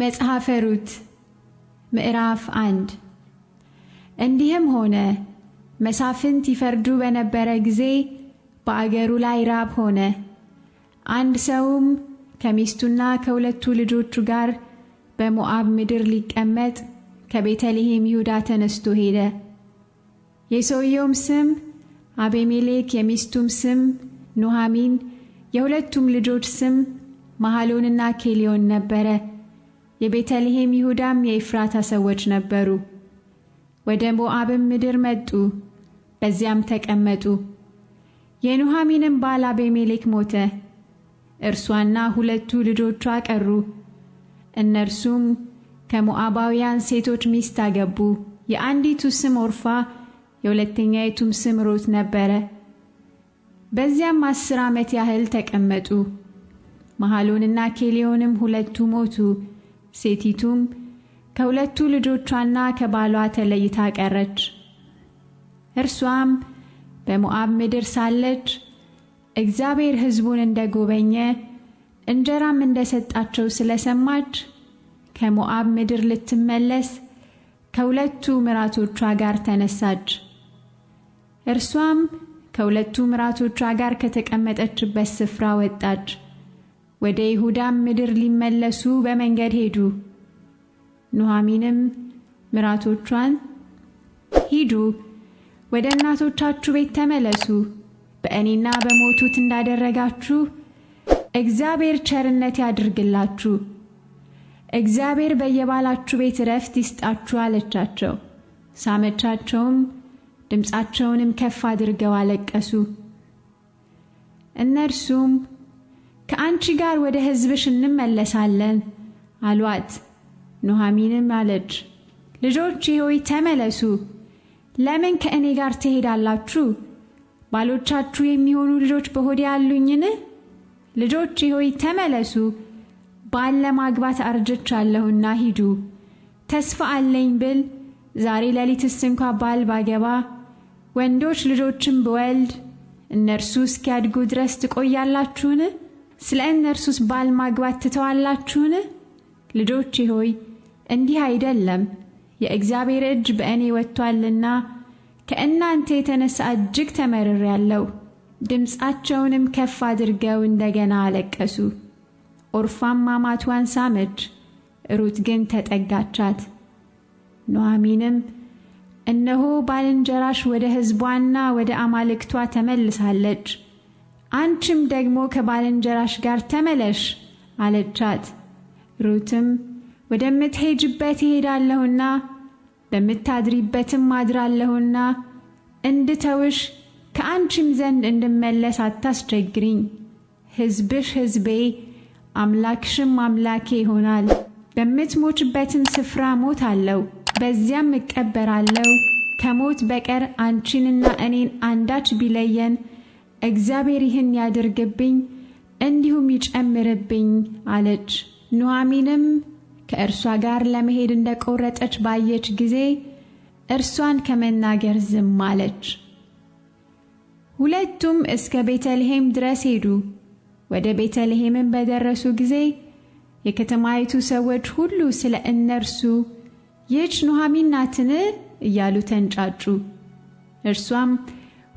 መጽሐፈ ሩት ምዕራፍ አንድ እንዲህም ሆነ መሳፍንት ይፈርዱ በነበረ ጊዜ በአገሩ ላይ ራብ ሆነ። አንድ ሰውም ከሚስቱና ከሁለቱ ልጆቹ ጋር በሞዓብ ምድር ሊቀመጥ ከቤተልሔም ይሁዳ ተነስቶ ሄደ። የሰውየውም ስም አቤሜሌክ፣ የሚስቱም ስም ኑሃሚን የሁለቱም ልጆች ስም መሐሎንና ኬሊዮን ነበረ። የቤተልሔም ይሁዳም የኤፍራታ ሰዎች ነበሩ። ወደ ሞዓብም ምድር መጡ፣ በዚያም ተቀመጡ። የኑሃሚንም ባል አቤሜሌክ ሞተ፣ እርሷና ሁለቱ ልጆቿ ቀሩ። እነርሱም ከሞዓባውያን ሴቶች ሚስት አገቡ። የአንዲቱ ስም ኦርፋ የሁለተኛይቱም ስም ሩት ነበረ። በዚያም አስር ዓመት ያህል ተቀመጡ። መሐሎንና ኬሌዮንም ሁለቱ ሞቱ። ሴቲቱም ከሁለቱ ልጆቿና ከባሏ ተለይታ ቀረች። እርሷም በሞዓብ ምድር ሳለች እግዚአብሔር ሕዝቡን እንደ ጎበኘ እንጀራም እንደ ሰጣቸው ስለ ሰማች ከሞዓብ ምድር ልትመለስ ከሁለቱ ምራቶቿ ጋር ተነሳች። እርሷም ከሁለቱ ምራቶቿ ጋር ከተቀመጠችበት ስፍራ ወጣች። ወደ ይሁዳም ምድር ሊመለሱ በመንገድ ሄዱ። ኑኃሚንም ምራቶቿን ሂዱ፣ ወደ እናቶቻችሁ ቤት ተመለሱ፣ በእኔና በሞቱት እንዳደረጋችሁ እግዚአብሔር ቸርነት ያድርግላችሁ፣ እግዚአብሔር በየባላችሁ ቤት እረፍት ይስጣችሁ አለቻቸው። ሳመቻቸውም፣ ድምፃቸውንም ከፍ አድርገው አለቀሱ። እነርሱም ከአንቺ ጋር ወደ ሕዝብሽ እንመለሳለን አሏት። ኑኃሚንም አለች፣ ልጆች ሆይ ተመለሱ። ለምን ከእኔ ጋር ትሄዳላችሁ? ባሎቻችሁ የሚሆኑ ልጆች በሆዴ ያሉኝን? ልጆች ሆይ ተመለሱ። ባል ለማግባት አርጅቻለሁና ሂዱ። ተስፋ አለኝ ብል ዛሬ ሌሊትስ እንኳ ባል ባገባ ወንዶች ልጆችን ብወልድ እነርሱ እስኪያድጉ ድረስ ትቆያላችሁን? ስለ እነርሱስ ባል ማግባት ትተዋላችሁን? ልጆቼ ሆይ እንዲህ አይደለም፤ የእግዚአብሔር እጅ በእኔ ወጥቷልና ከእናንተ የተነሳ እጅግ ተመርሬአለሁ። ድምፃቸውንም ከፍ አድርገው እንደገና አለቀሱ። ኦርፋም ማማቷን ሳመች፣ ሩት ግን ተጠጋቻት። ኑኃሚንም እነሆ ባልንጀራሽ ወደ ሕዝቧና ወደ አማልክቷ ተመልሳለች አንቺም ደግሞ ከባልንጀራሽ ጋር ተመለሽ አለቻት። ሩትም ወደምትሄጅበት ይሄዳለሁና በምታድሪበትም አድራለሁና እንድተውሽ ከአንቺም ዘንድ እንድመለስ አታስቸግሪኝ። ሕዝብሽ ሕዝቤ አምላክሽም አምላኬ ይሆናል። በምትሞችበትም ስፍራ ሞት አለው፣ በዚያም እቀበራለሁ። ከሞት በቀር አንቺንና እኔን አንዳች ቢለየን እግዚአብሔር ይህን ያድርግብኝ እንዲሁም ይጨምርብኝ አለች። ኑኃሚንም ከእርሷ ጋር ለመሄድ እንደ ቆረጠች ባየች ጊዜ እርሷን ከመናገር ዝም አለች። ሁለቱም እስከ ቤተልሔም ድረስ ሄዱ። ወደ ቤተልሔምም በደረሱ ጊዜ የከተማይቱ ሰዎች ሁሉ ስለ እነርሱ ይህች ኑኃሚን ናትን? እያሉ ተንጫጩ። እርሷም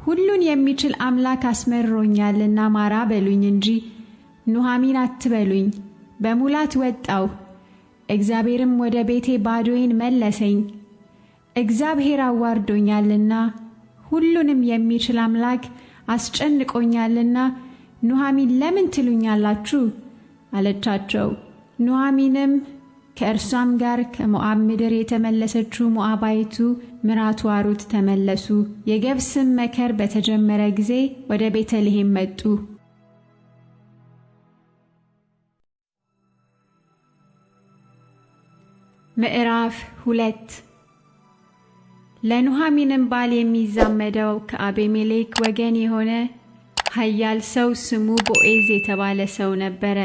ሁሉን የሚችል አምላክ አስመርሮኛልና ማራ በሉኝ እንጂ ኑሃሚን አትበሉኝ። በሙላት ወጣው እግዚአብሔርም ወደ ቤቴ ባዶዬን መለሰኝ። እግዚአብሔር አዋርዶኛልና ሁሉንም የሚችል አምላክ አስጨንቆኛልና ኑሃሚን ለምን ትሉኛላችሁ? አለቻቸው። ኑሃሚንም? ከእርሷም ጋር ከሞዓብ ምድር የተመለሰችው ሞዓባይቱ ምራቱ አሩት ተመለሱ። የገብስም መከር በተጀመረ ጊዜ ወደ ቤተልሔም መጡ። ምዕራፍ ሁለት ለኑኃሚንም ባል የሚዛመደው ከአቤሜሌክ ወገን የሆነ ኃያል ሰው ስሙ ቦኤዝ የተባለ ሰው ነበረ።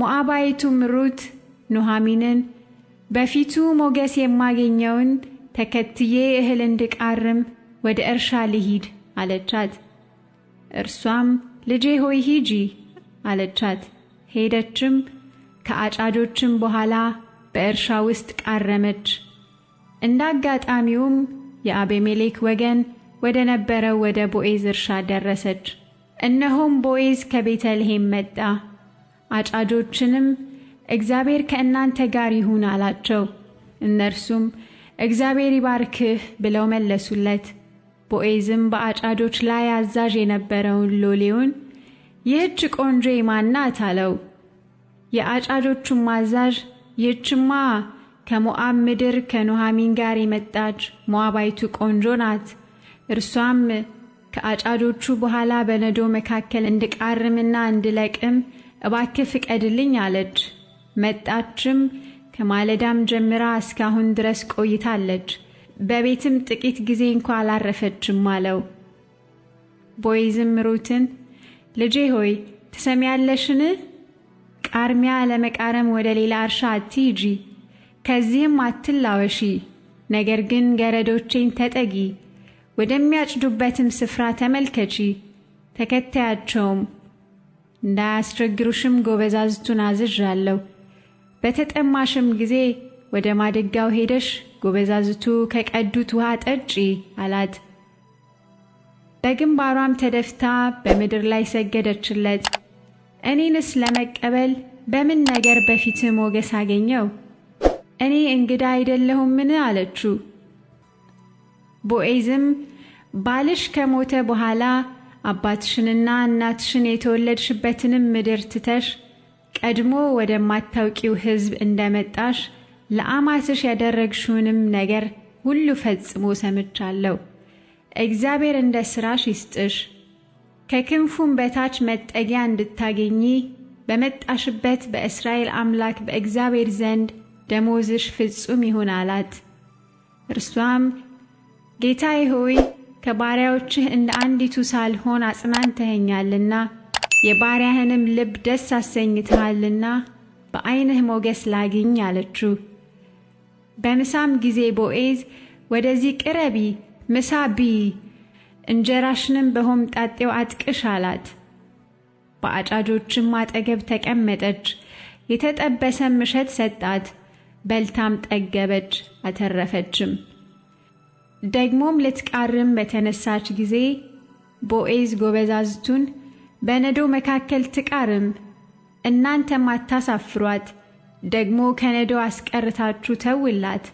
ሞዓባይቱም ሩት ኑሃሚንን በፊቱ ሞገስ የማገኘውን ተከትዬ እህል እንድቃርም ወደ እርሻ ልሂድ አለቻት። እርሷም ልጄ ሆይ ሂጂ አለቻት። ሄደችም ከአጫጆችም በኋላ በእርሻ ውስጥ ቃረመች። እንደ አጋጣሚውም የአቤሜሌክ ወገን ወደ ነበረው ወደ ቦኤዝ እርሻ ደረሰች። እነሆም ቦኤዝ ከቤተልሔም መጣ። አጫጆችንም እግዚአብሔር ከእናንተ ጋር ይሁን አላቸው። እነርሱም እግዚአብሔር ይባርክህ ብለው መለሱለት። ቦኤዝም በአጫጆች ላይ አዛዥ የነበረውን ሎሌውን ይህች ቆንጆ ማናት አለው። የአጫጆቹም አዛዥ ይህችማ ከሞዓብ ምድር ከኑሃሚን ጋር የመጣች ሞዓባይቱ ቆንጆ ናት፣ እርሷም ከአጫጆቹ በኋላ በነዶ መካከል እንድቃርምና እንድለቅም እባክህ ፍቀድልኝ አለች። መጣችም። ከማለዳም ጀምራ እስካሁን ድረስ ቆይታለች። በቤትም ጥቂት ጊዜ እንኳ አላረፈችም አለው። ቦይዝም ሩትን ልጄ ሆይ ትሰሚያለሽን? ቃርሚያ ለመቃረም ወደ ሌላ እርሻ አትሂጂ፣ ከዚህም አትላወሺ። ነገር ግን ገረዶቼን ተጠጊ፣ ወደሚያጭዱበትም ስፍራ ተመልከቺ፣ ተከታያቸውም። እንዳያስቸግሩሽም ጎበዛዝቱን አዝዣለሁ። በተጠማሽም ጊዜ ወደ ማድጋው ሄደሽ ጎበዛዝቱ ከቀዱት ውሃ ጠጪ አላት። በግንባሯም ተደፍታ በምድር ላይ ሰገደችለት። እኔንስ ለመቀበል በምን ነገር በፊት ሞገስ አገኘው? እኔ እንግዳ አይደለሁምን? አለችው። ቦኤዝም ባልሽ ከሞተ በኋላ አባትሽንና እናትሽን የተወለድሽበትንም ምድር ትተሽ ቀድሞ ወደማታውቂው ሕዝብ እንደመጣሽ ለአማትሽ ያደረግሽውንም ነገር ሁሉ ፈጽሞ ሰምቻለሁ። እግዚአብሔር እንደ ሥራሽ ይስጥሽ፣ ከክንፉም በታች መጠጊያ እንድታገኚ በመጣሽበት በእስራኤል አምላክ በእግዚአብሔር ዘንድ ደሞዝሽ ፍጹም ይሁን አላት። እርሷም ጌታዬ ሆይ ከባሪያዎችህ እንደ አንዲቱ ሳልሆን አጽናንተኸኛልና የባሪያህንም ልብ ደስ አሰኝተሃልና በዓይንህ ሞገስ ላግኝ አለችው። በምሳም ጊዜ ቦኤዝ ወደዚህ ቅረቢ ምሳ ብይ፣ እንጀራሽንም በሆምጣጤው አጥቅሽ አላት። በአጫጆችም አጠገብ ተቀመጠች፣ የተጠበሰም እሸት ሰጣት። በልታም ጠገበች፣ አተረፈችም። ደግሞም ልትቃርም በተነሳች ጊዜ ቦኤዝ ጎበዛዝቱን በነዶ መካከል ትቃርም። እናንተም አታሳፍሯት፣ ደግሞ ከነዶ አስቀርታችሁ ተውላት፣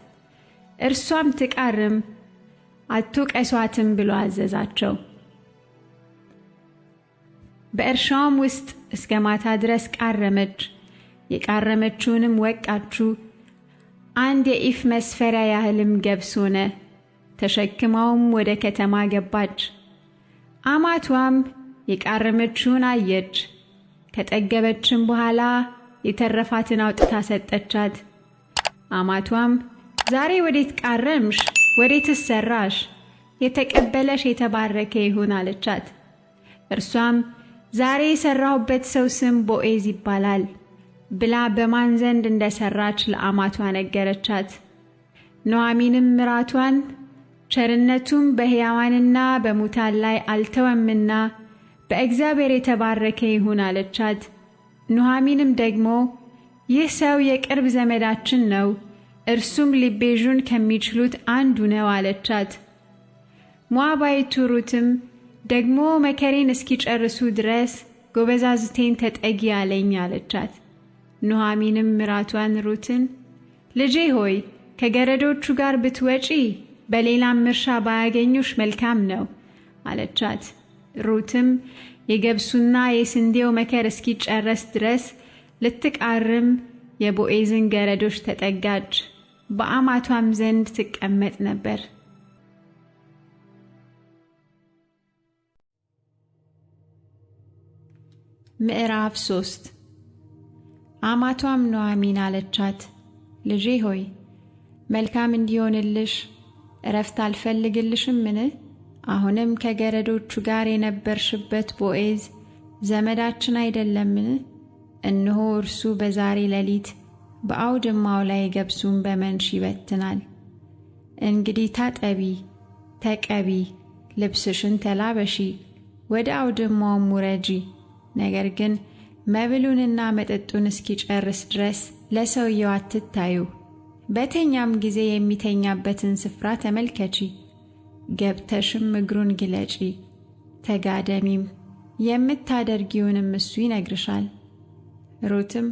እርሷም ትቃርም፣ አትውቀሷትም ብሎ አዘዛቸው። በእርሻውም ውስጥ እስከ ማታ ድረስ ቃረመች። የቃረመችውንም ወቃችሁ፣ አንድ የኢፍ መስፈሪያ ያህልም ገብስ ሆነ። ተሸክማውም ወደ ከተማ ገባች። አማቷም የቃረመችውን አየች። ከጠገበችም በኋላ የተረፋትን አውጥታ ሰጠቻት። አማቷም ዛሬ ወዴት ቃረምሽ? ወዴት ሰራሽ? የተቀበለሽ የተባረከ ይሁን አለቻት። እርሷም ዛሬ የሰራሁበት ሰው ስም ቦኤዝ ይባላል ብላ በማን ዘንድ እንደሰራች ለአማቷ ነገረቻት። ኑኃሚንም ምራቷን ቸርነቱም በሕያዋንና በሙታን ላይ አልተወምና በእግዚአብሔር የተባረከ ይሁን አለቻት። ኑኃሚንም ደግሞ ይህ ሰው የቅርብ ዘመዳችን ነው፣ እርሱም ሊቤዡን ከሚችሉት አንዱ ነው አለቻት። ሞዓባዊቱ ሩትም ደግሞ መከሬን እስኪጨርሱ ድረስ ጎበዛዝቴን ተጠጊ አለኝ አለቻት። ኑኃሚንም ምራቷን ሩትን ልጄ ሆይ ከገረዶቹ ጋር ብትወጪ በሌላም እርሻ ባያገኙሽ መልካም ነው አለቻት። ሩትም የገብሱና የስንዴው መከር እስኪጨረስ ድረስ ልትቃርም የቦኤዝን ገረዶች ተጠጋጅ! በአማቷም ዘንድ ትቀመጥ ነበር። ምዕራፍ ሶስት አማቷም ኑኃሚን አለቻት፣ ልጄ ሆይ መልካም እንዲሆንልሽ እረፍት አልፈልግልሽምን? አሁንም ከገረዶቹ ጋር የነበርሽበት ቦኤዝ ዘመዳችን አይደለምን? እነሆ እርሱ በዛሬ ሌሊት በአውድማው ላይ ገብሱን በመንሽ ይበትናል። እንግዲህ ታጠቢ፣ ተቀቢ፣ ልብስሽን ተላበሺ፣ ወደ አውድማውም ውረጂ። ነገር ግን መብሉንና መጠጡን እስኪጨርስ ድረስ ለሰውየው አትታዩ። በተኛም ጊዜ የሚተኛበትን ስፍራ ተመልከቺ። ገብተሽም እግሩን ግለጪ ተጋደሚም፣ የምታደርጊውንም እሱ ይነግርሻል። ሩትም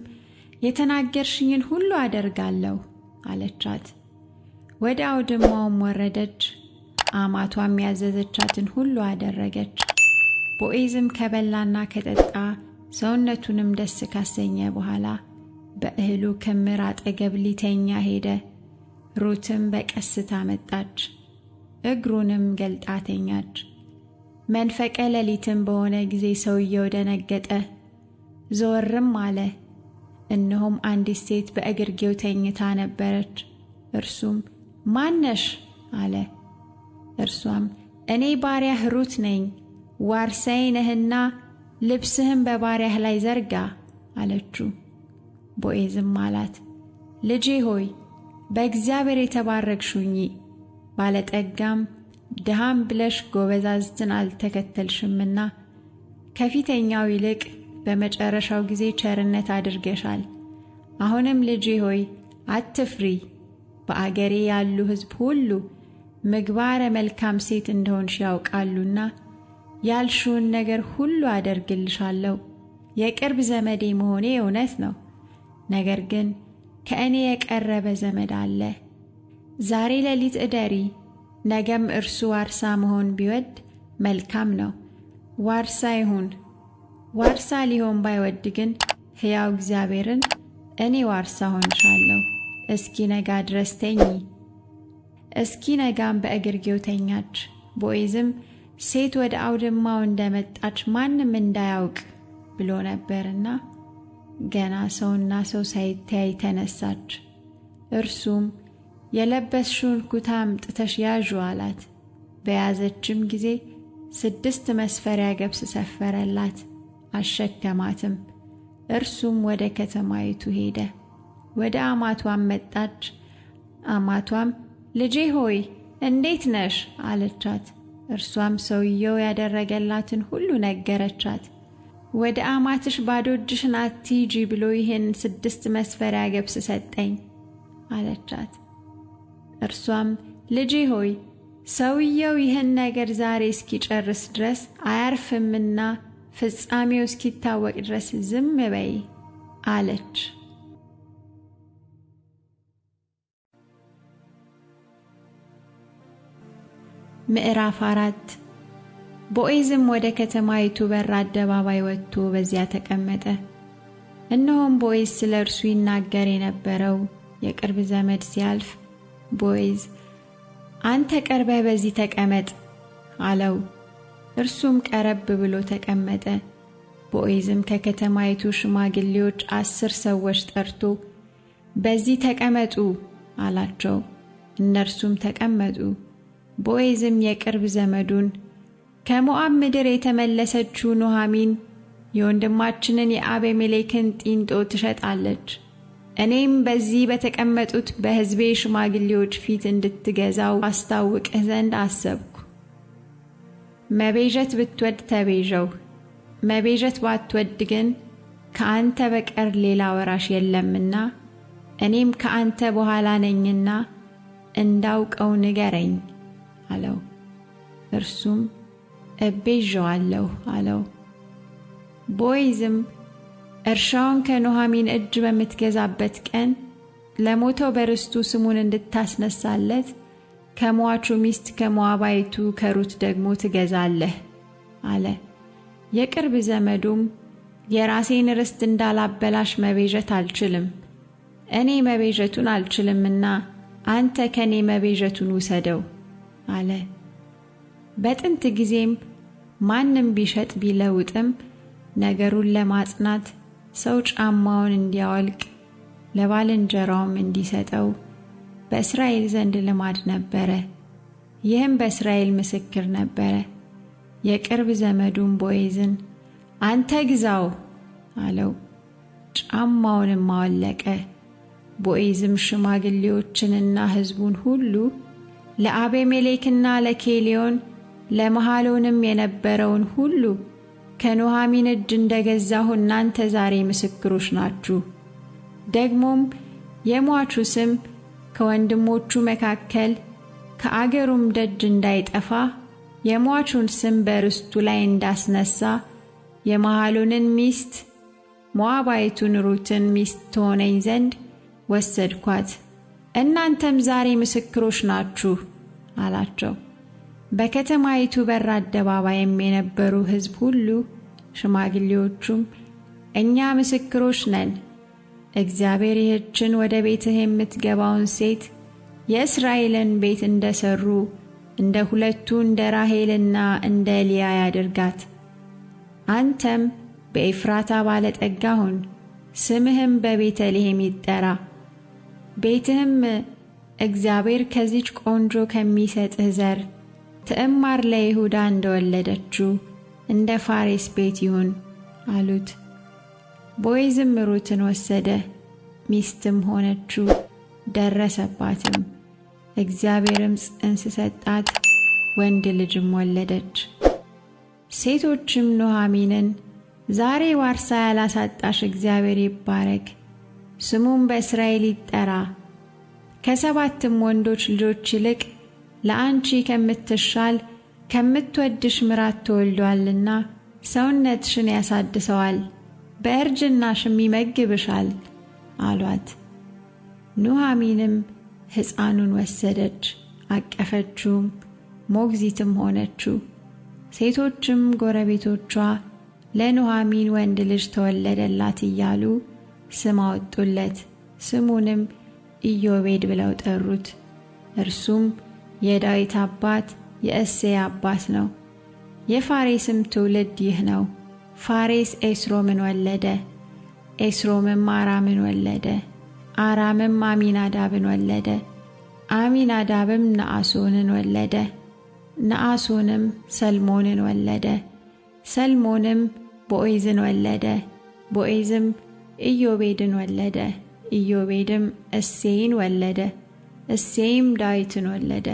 የተናገርሽኝን ሁሉ አደርጋለሁ አለቻት። ወደ አውድማውም ወረደች፣ አማቷም ያዘዘቻትን ሁሉ አደረገች። ቦኤዝም ከበላና ከጠጣ ሰውነቱንም ደስ ካሰኘ በኋላ በእህሉ ክምር አጠገብ ሊተኛ ሄደ። ሩትም በቀስታ መጣች። እግሩንም ገልጣ ተኛች። መንፈቀ ሌሊትም በሆነ ጊዜ ሰውየው ደነገጠ፣ ዘወርም አለ። እነሆም አንዲት ሴት በእግርጌው ተኝታ ነበረች። እርሱም ማነሽ አለ። እርሷም እኔ ባሪያህ ሩት ነኝ፣ ዋርሳዬ ነህና ልብስህም በባሪያህ ላይ ዘርጋ አለችው። ቦኤዝም አላት፣ ልጄ ሆይ በእግዚአብሔር የተባረክሽ ሁኚ ባለጠጋም ድሃም ብለሽ ጎበዛዝትን አልተከተልሽምና ከፊተኛው ይልቅ በመጨረሻው ጊዜ ቸርነት አድርገሻል። አሁንም ልጄ ሆይ አትፍሪ፣ በአገሬ ያሉ ሕዝብ ሁሉ ምግባረ መልካም ሴት እንደሆንሽ ያውቃሉና ያልሽውን ነገር ሁሉ አደርግልሻለሁ። የቅርብ ዘመዴ መሆኔ እውነት ነው፣ ነገር ግን ከእኔ የቀረበ ዘመድ አለ። ዛሬ ሌሊት እደሪ፣ ነገም እርሱ ዋርሳ መሆን ቢወድ መልካም ነው። ዋርሳ ይሁን። ዋርሳ ሊሆን ባይወድ ግን ሕያው እግዚአብሔርን እኔ ዋርሳ ሆንሻለሁ፣ እስኪ ነጋ ድረስ ተኚ። እስኪ ነጋም በእግርጌው ተኛች። ቦዔዝም ሴት ወደ አውድማው እንደመጣች ማንም እንዳያውቅ ብሎ ነበርና ገና ሰውና ሰው ሳይተያይ ተነሳች። እርሱም የለበስሽውን ኩታም ጥተሽ ያዡ አላት። በያዘችም ጊዜ ስድስት መስፈሪያ ገብስ ሰፈረላት፣ አሸከማትም። እርሱም ወደ ከተማይቱ ሄደ። ወደ አማቷም መጣች። አማቷም ልጄ ሆይ እንዴት ነሽ አለቻት። እርሷም ሰውየው ያደረገላትን ሁሉ ነገረቻት። ወደ አማትሽ ባዶ እጅሽን አትሂጂ ብሎ ይህን ስድስት መስፈሪያ ገብስ ሰጠኝ አለቻት። እርሷም ልጄ ሆይ ሰውየው ይህን ነገር ዛሬ እስኪጨርስ ድረስ አያርፍምና ፍጻሜው እስኪታወቅ ድረስ ዝም በይ አለች። ምዕራፍ አራት ቦኤዝም ወደ ከተማይቱ በር አደባባይ ወጥቶ በዚያ ተቀመጠ። እነሆም ቦኤዝ ስለ እርሱ ይናገር የነበረው የቅርብ ዘመድ ሲያልፍ ቦይዝ አንተ ቀርበ በዚህ ተቀመጥ አለው። እርሱም ቀረብ ብሎ ተቀመጠ። ቦይዝም ከከተማይቱ ሽማግሌዎች አስር ሰዎች ጠርቶ በዚህ ተቀመጡ አላቸው። እነርሱም ተቀመጡ። ቦይዝም የቅርብ ዘመዱን ከሞአብ ምድር የተመለሰችው ኑሃሚን የወንድማችንን የአቤሜሌክን ጢንጦ ትሸጣለች እኔም በዚህ በተቀመጡት በሕዝቤ ሽማግሌዎች ፊት እንድትገዛው አስታውቅህ ዘንድ አሰብኩ። መቤዠት ብትወድ ተቤዠው፣ መቤዠት ባትወድ ግን ከአንተ በቀር ሌላ ወራሽ የለምና እኔም ከአንተ በኋላ ነኝና እንዳውቀው ንገረኝ አለው። እርሱም እቤዠዋለሁ አለው። ቦይዝም። እርሻውን ከኖሃሚን እጅ በምትገዛበት ቀን ለሞተው በርስቱ ስሙን እንድታስነሳለት ከሟቹ ሚስት ከሞዓባይቱ ከሩት ደግሞ ትገዛለህ አለ። የቅርብ ዘመዱም የራሴን ርስት እንዳላበላሽ መቤዠት አልችልም፣ እኔ መቤዠቱን አልችልምና አንተ ከኔ መቤዠቱን ውሰደው አለ። በጥንት ጊዜም ማንም ቢሸጥ ቢለውጥም ነገሩን ለማጽናት ሰው ጫማውን እንዲያወልቅ ለባልንጀራውም እንዲሰጠው በእስራኤል ዘንድ ልማድ ነበረ። ይህም በእስራኤል ምስክር ነበረ። የቅርብ ዘመዱን ቦይዝን አንተ ግዛው አለው። ጫማውንም አወለቀ። ቦኤዝም ሽማግሌዎችንና ሕዝቡን ሁሉ ለአቤሜሌክና ለኬሌዮን ለመሐሎንም የነበረውን ሁሉ ከኑሃሚን እጅ እንደገዛሁ እናንተ ዛሬ ምስክሮች ናችሁ። ደግሞም የሟቹ ስም ከወንድሞቹ መካከል ከአገሩም ደጅ እንዳይጠፋ የሟቹን ስም በርስቱ ላይ እንዳስነሳ የመሐሉንን ሚስት ሞዓባዊቱን ሩትን ሚስት ትሆነኝ ዘንድ ወሰድኳት። እናንተም ዛሬ ምስክሮች ናችሁ አላቸው። በከተማይቱ በር አደባባይም የነበሩ ሕዝብ ሁሉ ሽማግሌዎቹም እኛ ምስክሮች ነን፣ እግዚአብሔር ይህችን ወደ ቤትህ የምትገባውን ሴት የእስራኤልን ቤት እንደሰሩ እንደ ሁለቱ እንደ ራሔልና እንደ ልያ ያድርጋት። አንተም በኤፍራታ ባለጠጋ ሁን፣ ስምህም በቤተልሔም ይጠራ፣ ቤትህም እግዚአብሔር ከዚች ቆንጆ ከሚሰጥህ ዘር ትዕማር ለይሁዳ እንደወለደችው እንደ ፋሬስ ቤት ይሁን አሉት። ቦይ ሩትን ወሰደ፣ ሚስትም ሆነችው፣ ደረሰባትም። እግዚአብሔርም ጽንስ ሰጣት፣ ወንድ ልጅም ወለደች። ሴቶችም ኖሃሚንን ዛሬ ዋርሳ ያላሳጣሽ እግዚአብሔር ይባረክ፣ ስሙም በእስራኤል ይጠራ፣ ከሰባትም ወንዶች ልጆች ይልቅ ለአንቺ ከምትሻል ከምትወድሽ ምራት ተወልዷልና ሰውነትሽን ያሳድሰዋል፣ በእርጅናሽም ይመግብሻል አሏት። ኑኃሚንም ሕፃኑን ወሰደች፣ አቀፈችውም፣ ሞግዚትም ሆነችው። ሴቶችም ጎረቤቶቿ ለኑኃሚን ወንድ ልጅ ተወለደላት እያሉ ስም አወጡለት። ስሙንም ኢዮቤድ ብለው ጠሩት። እርሱም የዳዊት አባት የእሴይ አባት ነው። የፋሬስም ትውልድ ይህ ነው። ፋሬስ ኤስሮምን ወለደ። ኤስሮምም አራምን ወለደ። አራምም አሚናዳብን ወለደ። አሚናዳብም ነአሶንን ወለደ። ነአሶንም ሰልሞንን ወለደ። ሰልሞንም ቦኤዝን ወለደ። ቦኤዝም ኢዮቤድን ወለደ። ኢዮቤድም እሴይን ወለደ። እሴይም ዳዊትን ወለደ።